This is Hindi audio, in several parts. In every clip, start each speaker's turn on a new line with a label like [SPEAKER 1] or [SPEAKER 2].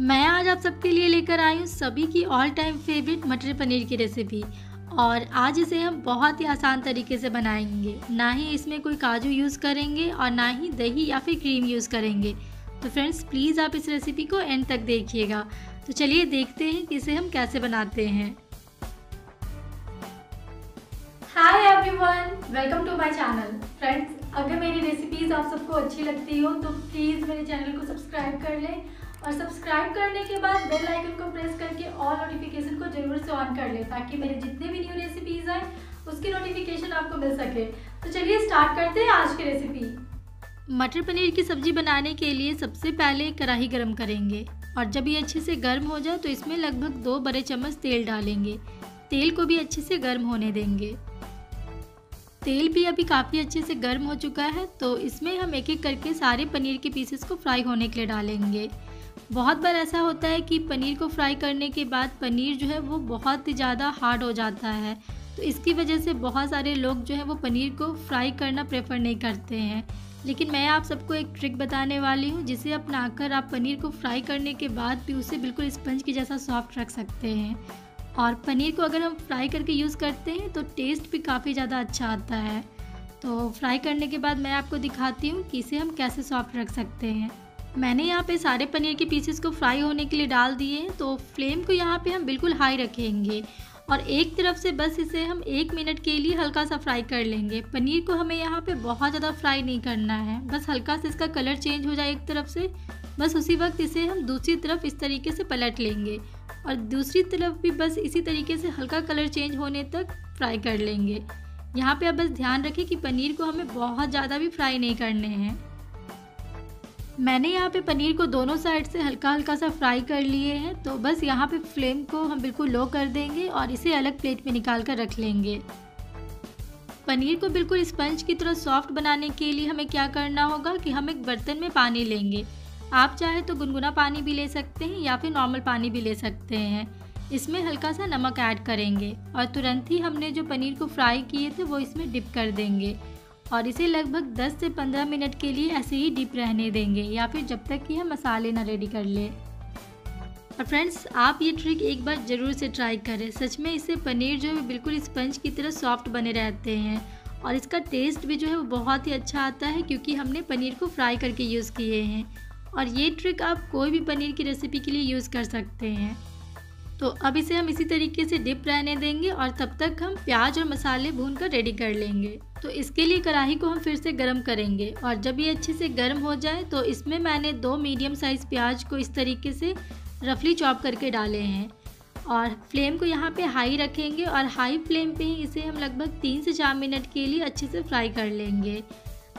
[SPEAKER 1] मैं आज आप सबके लिए लेकर आई हूँ सभी की all time favourite matar paneer की रेसिपी और आज इसे हम बहुत ही आसान तरीके से बनाएंगे ना ही इसमें कोई काजू यूज़ करेंगे और ना ही दही या फिर क्रीम यूज़ करेंगे तो फ्रेंड्स प्लीज़ आप इस रेसिपी को एंड तक देखिएगा तो चलिए देखते हैं कि इसे हम कैसे बनाते हैं hi everyone welcome to my channel friends अगर मेरी रेसिपीज़ आप सबको अच्छी लगती हो तो प्लीज़ मेरे चैनल को सब्सक्राइब कर लें और सब्सक्राइब करने के बाद बेल आइकन को प्रेस करके ऑल नोटिफिकेशन को जरूर से ऑन कर लें ताकि मेरे जितने भी न्यू रेसिपीज़ आए उसकी नोटिफिकेशन आपको मिल सके तो चलिए स्टार्ट करते हैं आज की रेसिपी मटर पनीर की सब्ज़ी बनाने के लिए सबसे पहले कढ़ाई गर्म करेंगे और जब ये अच्छे से गर्म हो जाए तो इसमें लगभग दो बड़े चम्मच तेल डालेंगे तेल को भी अच्छे से गर्म होने देंगे तेल भी अभी काफ़ी अच्छे से गर्म हो चुका है तो इसमें हम एक एक करके सारे पनीर के पीसेस को फ्राई होने के लिए डालेंगे बहुत बार ऐसा होता है कि पनीर को फ्राई करने के बाद पनीर जो है वो बहुत ही ज़्यादा हार्ड हो जाता है तो इसकी वजह से बहुत सारे लोग जो है वो पनीर को फ्राई करना प्रेफर नहीं करते हैं लेकिन मैं आप सबको एक ट्रिक बताने वाली हूँ जिसे अपनाकर आप पनीर को फ्राई करने के बाद भी उसे बिल्कुल स्पंज के जैसा सॉफ्ट रख सकते हैं और पनीर को अगर हम फ्राई करके यूज़ करते हैं तो टेस्ट भी काफ़ी ज़्यादा अच्छा आता है तो फ्राई करने के बाद मैं आपको दिखाती हूँ कि इसे हम कैसे सॉफ्ट रख सकते हैं मैंने यहाँ पे सारे पनीर के पीसेस को फ्राई होने के लिए डाल दिए तो फ्लेम को यहाँ पे हम बिल्कुल हाई रखेंगे और एक तरफ से बस इसे हम एक मिनट के लिए हल्का सा फ्राई कर लेंगे पनीर को हमें यहाँ पे बहुत ज़्यादा फ्राई नहीं करना है बस हल्का सा इसका कलर चेंज हो जाए एक तरफ से बस उसी वक्त इसे हम दूसरी तरफ इस तरीके से पलट लेंगे और दूसरी तरफ भी बस इसी तरीके से हल्का कलर चेंज होने तक फ्राई कर लेंगे यहाँ पे आप बस ध्यान रखें कि पनीर को हमें बहुत ज़्यादा भी फ्राई नहीं करने हैं मैंने यहाँ पे पनीर को दोनों साइड से हल्का हल्का सा फ्राई कर लिए हैं तो बस यहाँ पे फ्लेम को हम बिल्कुल लो कर देंगे और इसे अलग प्लेट में निकाल कर रख लेंगे पनीर को बिल्कुल स्पंज की तरह सॉफ्ट बनाने के लिए हमें क्या करना होगा कि हम एक बर्तन में पानी लेंगे आप चाहे तो गुनगुना पानी भी ले सकते हैं या फिर नॉर्मल पानी भी ले सकते हैं इसमें हल्का सा नमक ऐड करेंगे और तुरंत ही हमने जो पनीर को फ्राई किए थे वो इसमें डिप कर देंगे और इसे लगभग 10 से 15 मिनट के लिए ऐसे ही डिप रहने देंगे या फिर जब तक कि हम मसाले ना रेडी कर ले और फ्रेंड्स आप ये ट्रिक एक बार ज़रूर से ट्राई करें सच में इससे पनीर जो है बिल्कुल स्पंज की तरह सॉफ्ट बने रहते हैं और इसका टेस्ट भी जो है वो बहुत ही अच्छा आता है क्योंकि हमने पनीर को फ्राई करके यूज़ किए हैं और ये ट्रिक आप कोई भी पनीर की रेसिपी के लिए यूज़ कर सकते हैं तो अब इसे हम इसी तरीके से डिप रहने देंगे और तब तक हम प्याज और मसाले भून कर रेडी कर लेंगे तो इसके लिए कढ़ाई को हम फिर से गर्म करेंगे और जब ये अच्छे से गर्म हो जाए तो इसमें मैंने दो मीडियम साइज़ प्याज को इस तरीके से रफली चॉप करके डाले हैं और फ्लेम को यहाँ पे हाई रखेंगे और हाई फ्लेम पे ही इसे हम लगभग तीन से चार मिनट के लिए अच्छे से फ्राई कर लेंगे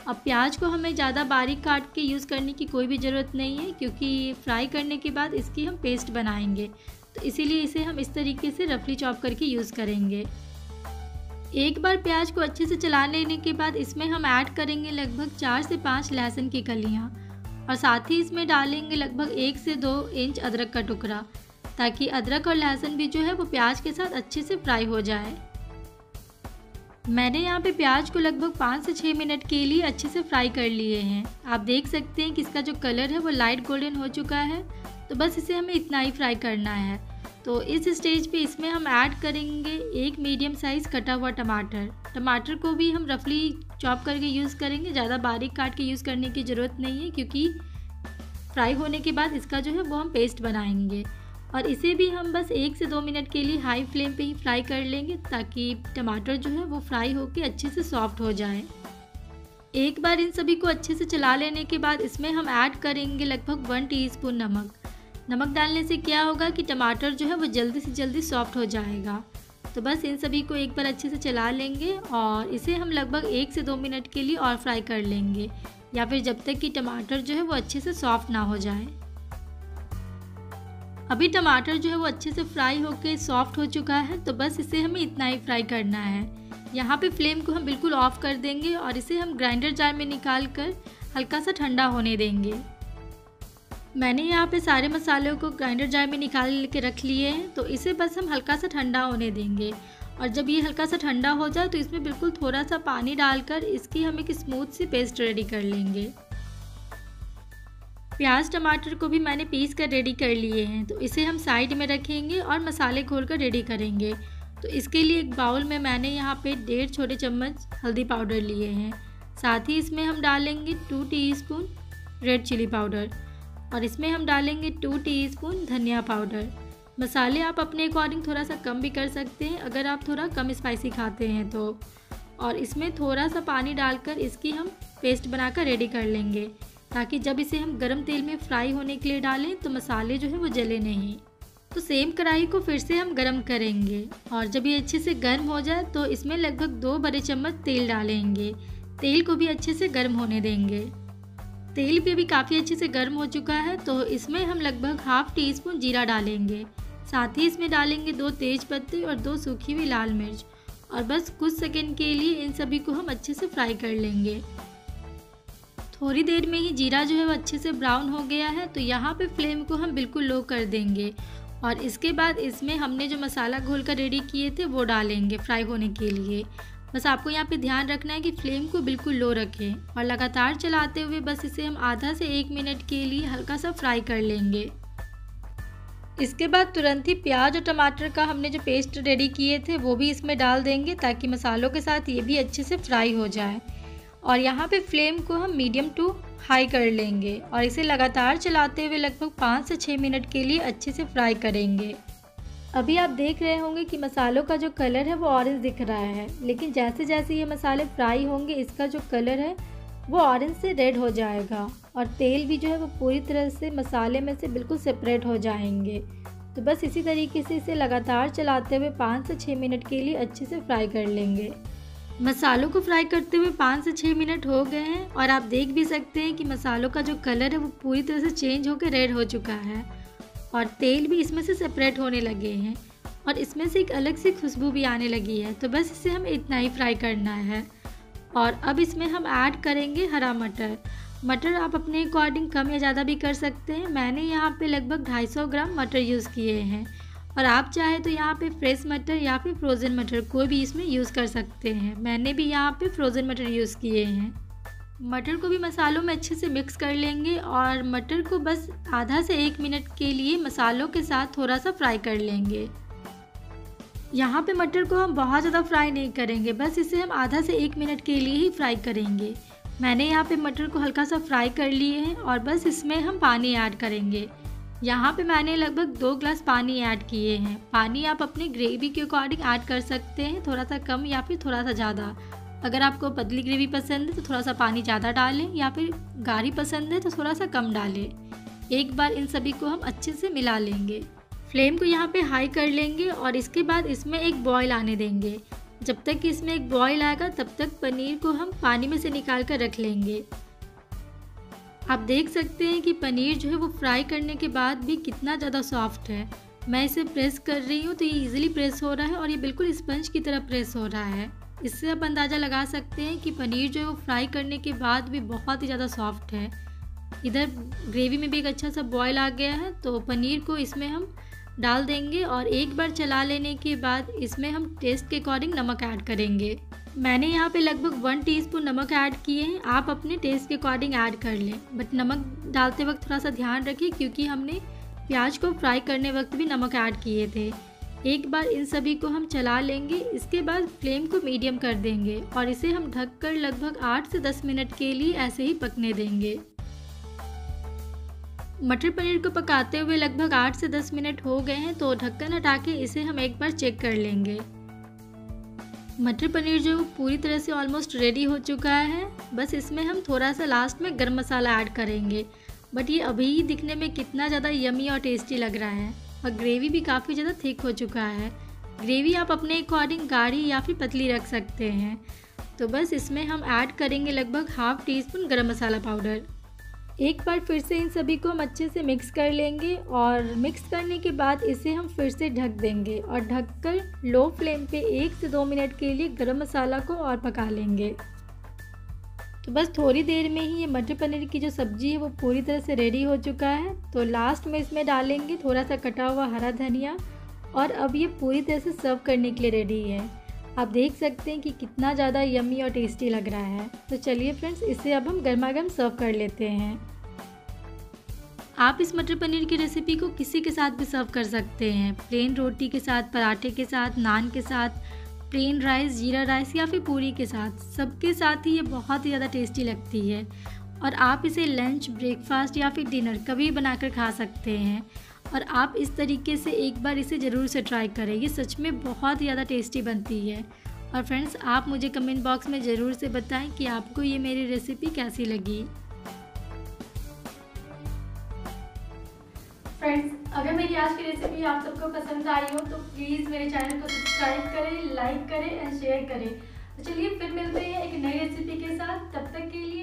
[SPEAKER 1] अब प्याज को हमें ज़्यादा बारीक काट के यूज़ करने की कोई भी ज़रूरत नहीं है क्योंकि फ्राई करने के बाद इसकी हम पेस्ट बनाएंगे तो इसीलिए इसे हम इस तरीके से रफली चॉप करके यूज़ करेंगे एक बार प्याज को अच्छे से चला लेने के बाद इसमें हम ऐड करेंगे लगभग चार से पाँच लहसुन की कलियाँ और साथ ही इसमें डालेंगे लगभग एक से दो इंच अदरक का टुकड़ा ताकि अदरक और लहसुन भी जो है वो प्याज के साथ अच्छे से फ्राई हो जाए मैंने यहाँ पे प्याज को लगभग पाँच से छः मिनट के लिए अच्छे से फ्राई कर लिए हैं आप देख सकते हैं कि इसका जो कलर है वो लाइट गोल्डन हो चुका है तो बस इसे हमें इतना ही फ्राई करना है तो इस स्टेज पे इसमें हम ऐड करेंगे एक मीडियम साइज़ कटा हुआ टमाटर टमाटर को भी हम रफली चॉप करके यूज़ करेंगे ज़्यादा बारीक काट के यूज़ करने की ज़रूरत नहीं है क्योंकि फ्राई होने के बाद इसका जो है वो हम पेस्ट बनाएंगे और इसे भी हम बस एक से दो मिनट के लिए हाई फ्लेम पे ही फ्राई कर लेंगे ताकि टमाटर जो है वो फ्राई होकर अच्छे से सॉफ्ट हो जाए एक बार इन सभी को अच्छे से चला लेने के बाद इसमें हम ऐड करेंगे लगभग वन टीस्पून नमक नमक डालने से क्या होगा कि टमाटर जो है वो जल्दी से जल्दी सॉफ्ट हो जाएगा तो बस इन सभी को एक बार अच्छे से चला लेंगे और इसे हम लगभग एक से दो मिनट के लिए और फ्राई कर लेंगे या फिर जब तक कि टमाटर जो है वो अच्छे से सॉफ्ट ना हो जाए अभी टमाटर जो है वो अच्छे से फ्राई होकर सॉफ्ट हो चुका है तो बस इसे हमें इतना ही फ्राई करना है यहाँ पे फ्लेम को हम बिल्कुल ऑफ कर देंगे और इसे हम ग्राइंडर जार में निकाल कर हल्का सा ठंडा होने देंगे मैंने यहाँ पे सारे मसालों को ग्राइंडर जार में निकाल के रख लिए हैं तो इसे बस हम हल्का सा ठंडा होने देंगे और जब ये हल्का सा ठंडा हो जाए तो इसमें बिल्कुल थोड़ा सा पानी डालकर इसकी हम एक स्मूथ सी पेस्ट रेडी कर लेंगे प्याज टमाटर को भी मैंने पीस कर रेडी कर लिए हैं तो इसे हम साइड में रखेंगे और मसाले घोल कर रेडी करेंगे तो इसके लिए एक बाउल में मैंने यहाँ पे डेढ़ छोटे चम्मच हल्दी पाउडर लिए हैं साथ ही इसमें हम डालेंगे two teaspoon red chilli powder और इसमें हम डालेंगे टू टीस्पून धनिया पाउडर मसाले आप अपने अकॉर्डिंग थोड़ा सा कम भी कर सकते हैं अगर आप थोड़ा कम स्पाइसी खाते हैं तो और इसमें थोड़ा सा पानी डालकर इसकी हम पेस्ट बनाकर रेडी कर लेंगे ताकि जब इसे हम गरम तेल में फ्राई होने के लिए डालें तो मसाले जो है वो जले नहीं तो सेम कढ़ाई को फिर से हम गरम करेंगे और जब ये अच्छे से गर्म हो जाए तो इसमें लगभग दो बड़े चम्मच तेल डालेंगे तेल को भी अच्छे से गर्म होने देंगे तेल भी अभी काफ़ी अच्छे से गर्म हो चुका है तो इसमें हम लगभग हाफ टी स्पून जीरा डालेंगे साथ ही इसमें डालेंगे दो तेज पत्ते और दो सूखी हुई लाल मिर्च और बस कुछ सेकंड के लिए इन सभी को हम अच्छे से फ्राई कर लेंगे थोड़ी देर में ही जीरा जो है वो अच्छे से ब्राउन हो गया है तो यहाँ पे फ्लेम को हम बिल्कुल लो कर देंगे और इसके बाद इसमें हमने जो मसाला घोल कर रेडी किए थे वो डालेंगे फ्राई होने के लिए बस आपको यहाँ पे ध्यान रखना है कि फ्लेम को बिल्कुल लो रखें और लगातार चलाते हुए बस इसे हम आधा से एक मिनट के लिए हल्का सा फ्राई कर लेंगे इसके बाद तुरंत ही प्याज और टमाटर का हमने जो पेस्ट रेडी किए थे वो भी इसमें डाल देंगे ताकि मसालों के साथ ये भी अच्छे से फ्राई हो जाए और यहाँ पे फ्लेम को हम मीडियम टू हाई कर लेंगे और इसे लगातार चलाते हुए लगभग पाँच से छः मिनट के लिए अच्छे से फ्राई करेंगे अभी आप देख रहे होंगे कि मसालों का जो कलर है वो ऑरेंज दिख रहा है लेकिन जैसे जैसे ये मसाले फ्राई होंगे इसका जो कलर है वो ऑरेंज से रेड हो जाएगा और तेल भी जो है वो पूरी तरह से मसाले में से बिल्कुल सेपरेट हो जाएंगे तो बस इसी तरीके से इसे लगातार चलाते हुए पाँच से छः मिनट के लिए अच्छे से फ्राई कर लेंगे मसालों को फ्राई करते हुए पाँच से छः मिनट हो गए हैं और आप देख भी सकते हैं कि मसालों का जो कलर है वो पूरी तरह से चेंज होकर रेड हो चुका है और तेल भी इसमें से सेपरेट होने लगे हैं और इसमें से एक अलग सी खुशबू भी आने लगी है तो बस इसे हमें इतना ही फ्राई करना है और अब इसमें हम ऐड करेंगे हरा मटर मटर आप अपने अकॉर्डिंग कम या ज़्यादा भी कर सकते हैं मैंने यहाँ पे लगभग 250 ग्राम मटर यूज़ किए हैं और आप चाहे तो यहाँ पे फ्रेश मटर या फिर फ्रोज़न मटर कोई भी इसमें यूज़ कर सकते हैं मैंने भी यहाँ पे फ्रोज़न मटर यूज़ किए हैं मटर को भी मसालों में अच्छे से मिक्स कर लेंगे और मटर को बस आधा से एक मिनट के लिए मसालों के साथ थोड़ा सा फ्राई कर लेंगे यहाँ पे मटर को हम बहुत ज़्यादा फ्राई नहीं करेंगे बस इसे हम आधा से एक मिनट के लिए ही फ्राई करेंगे मैंने यहाँ पे मटर को हल्का सा फ्राई कर लिए हैं और बस इसमें हम पानी ऐड करेंगे यहाँ पे मैंने लगभग दो ग्लास पानी ऐड किए हैं पानी आप अपने ग्रेवी के अकॉर्डिंग ऐड कर सकते हैं थोड़ा सा कम या फिर थोड़ा सा ज़्यादा अगर आपको पतली ग्रेवी पसंद है तो थोड़ा सा पानी ज़्यादा डालें या फिर गाढ़ी पसंद है तो थोड़ा सा कम डालें एक बार इन सभी को हम अच्छे से मिला लेंगे फ्लेम को यहाँ पे हाई कर लेंगे और इसके बाद इसमें एक बॉयल आने देंगे जब तक कि इसमें एक बॉयल आएगा तब तक पनीर को हम पानी में से निकाल कर रख लेंगे आप देख सकते हैं कि पनीर जो है वो फ्राई करने के बाद भी कितना ज़्यादा सॉफ्ट है मैं इसे प्रेस कर रही हूँ तो ये इजीली प्रेस हो रहा है और ये बिल्कुल स्पंज की तरह प्रेस हो रहा है इससे आप अंदाज़ा लगा सकते हैं कि पनीर जो है वो फ्राई करने के बाद भी बहुत ही ज़्यादा सॉफ्ट है इधर ग्रेवी में भी एक अच्छा सा बॉयल आ गया है तो पनीर को इसमें हम डाल देंगे और एक बार चला लेने के बाद इसमें हम टेस्ट के अकॉर्डिंग नमक ऐड करेंगे मैंने यहाँ पे लगभग वन टीस्पून नमक ऐड किए हैं आप अपने टेस्ट के अकॉर्डिंग ऐड कर लें बट नमक डालते वक्त थोड़ा सा ध्यान रखें क्योंकि हमने प्याज को फ्राई करने वक्त भी नमक ऐड किए थे एक बार इन सभी को हम चला लेंगे इसके बाद फ्लेम को मीडियम कर देंगे और इसे हम ढककर लगभग आठ से दस मिनट के लिए ऐसे ही पकने देंगे मटर पनीर को पकाते हुए लगभग आठ से दस मिनट हो गए हैं तो ढक्कन हटा के इसे हम एक बार चेक कर लेंगे मटर पनीर जो पूरी तरह से ऑलमोस्ट रेडी हो चुका है बस इसमें हम थोड़ा सा लास्ट में गर्म मसाला ऐड करेंगे बट ये अभी ही दिखने में कितना ज़्यादा यमी और टेस्टी लग रहा है और ग्रेवी भी काफ़ी ज़्यादा थिक हो चुका है ग्रेवी आप अपने अकॉर्डिंग गाढ़ी या फिर पतली रख सकते हैं तो बस इसमें हम ऐड करेंगे लगभग half teaspoon garam masala powder एक बार फिर से इन सभी को हम अच्छे से मिक्स कर लेंगे और मिक्स करने के बाद इसे हम फिर से ढक देंगे और ढककर लो फ्लेम पे एक से दो मिनट के लिए गरम मसाला को और पका लेंगे तो बस थोड़ी देर में ही ये मटर पनीर की जो सब्ज़ी है वो पूरी तरह से रेडी हो चुका है तो लास्ट में इसमें डालेंगे थोड़ा सा कटा हुआ हरा धनिया और अब ये पूरी तरह से सर्व करने के लिए रेडी है आप देख सकते हैं कि कितना ज़्यादा यमी और टेस्टी लग रहा है तो चलिए फ्रेंड्स इसे अब हम गर्मा गर्म सर्व कर लेते हैं आप इस मटर पनीर की रेसिपी को किसी के साथ भी सर्व कर सकते हैं प्लेन रोटी के साथ पराठे के साथ नान के साथ प्लेन राइस जीरा राइस या फिर पूरी के साथ सबके साथ ही ये बहुत ही ज़्यादा टेस्टी लगती है और आप इसे लंच ब्रेकफास्ट या फिर डिनर कभी बनाकर खा सकते हैं और आप इस तरीके से एक बार इसे ज़रूर से ट्राई करें ये सच में बहुत ही ज़्यादा टेस्टी बनती है और फ्रेंड्स आप मुझे कमेंट बॉक्स में ज़रूर से बताएं कि आपको ये मेरी रेसिपी कैसी लगी अगर मेरी आज की रेसिपी आप सबको पसंद आई हो तो प्लीज़ मेरे चैनल को सब्सक्राइब करें लाइक करें एंड शेयर करें तो चलिए फिर मिलते हैं एक नई रेसिपी के साथ तब तक के लिए